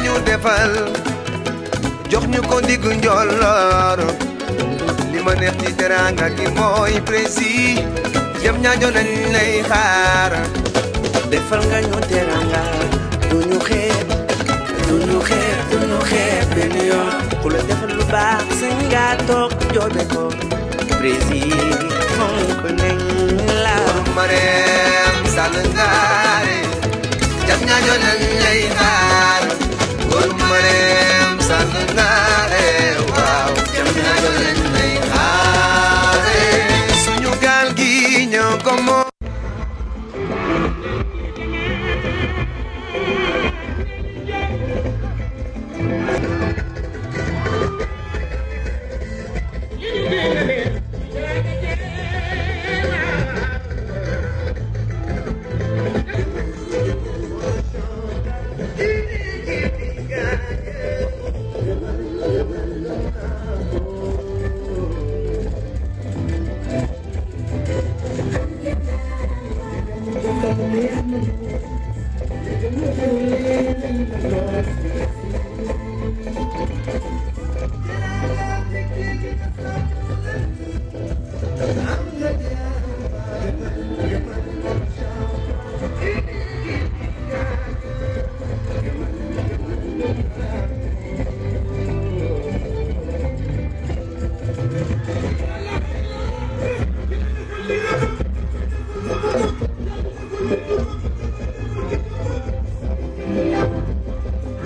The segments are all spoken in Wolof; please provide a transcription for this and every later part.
lañu defal jox ñu ko ndig njolloor li ma neex ci teraanga gi mooy précis jëm ñaajo lañ lay xaar defal nga ñu teraanga du ñu xeeb du ñu xeeb du ñu xeeb benn yoon ku la defal lu baax sañ nga toog joobe ko précis fonk nañ ak mareem sànn naa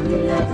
Thank you.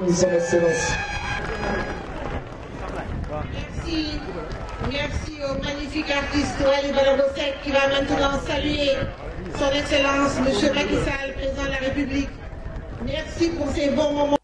remis son excellence. Merci. Merci au magnifique artiste Wally Balago Seck qui va maintenant saluer son excellence, Monsieur Macky Sall, président de la République. Merci pour ces bons moments.